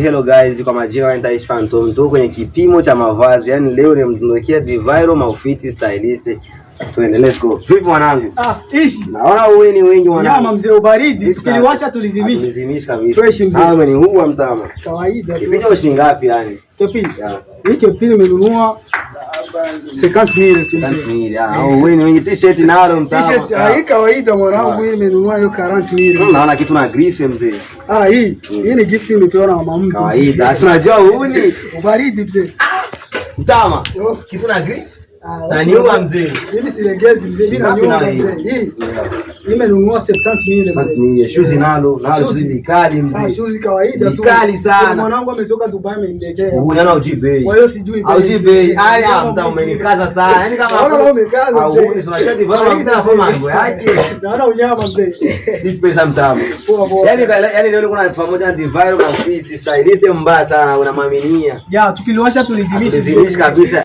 Hello guys, kwa majina Ntais Phantom, tuko kwenye kipimo cha mavazi. Yaani leo nimemtunukia The Viral Outfit Stylist. Tuende, let's go. Vipi mwanangu? Ah, ishi. Naona wewe ni wengi mwanangu. Nyama mzee ubaridi, tukiliwasha tulizimisha. Tulizimisha kabisa. Fresh mzee. Ah, ni huwa mtama. Kawaida tu. Kipimo shilingi ngapi yani? Kipimo. Hii kipimo nimenunua Ah, t-shirt nalo mtaa. Ah, hii kawaida mwanangu, ah. hii nimenunua hiyo 40,000. Naona kitu na grief mzee. Ah, hii hmm. hii ni gift nilipewa na mama mtu. Kawaida. Unajua huni. Ubaridi mzee. Mtama. Oh. Kitu na grief. Ah, Taniuma mzee. Mimi silegezi mzee, mimi nanyuma mzee. Hii nimenunua septanti mimi mzee. Mimi shoes eh, nalo, nalo shoes kali mzee. Ah, shoes kawaida tu. Kali sana. Yaani mwanangu ametoka Dubai ameniletea. Huyu nana ujibei. Kwa hiyo sijui bei. Ujibei. Haya mta umenikaza sana. Yaani kama unaona umekaza mzee. Au ni sura chati bora mta mambo yake. Naona unyama mzee. This pesa mtamu. Poa Yaani yaani leo kuna pamoja na diviral na fit stylist mbaya sana unamwaminia. Ya tukiliwasha tulizimisha. Tulizimisha kabisa.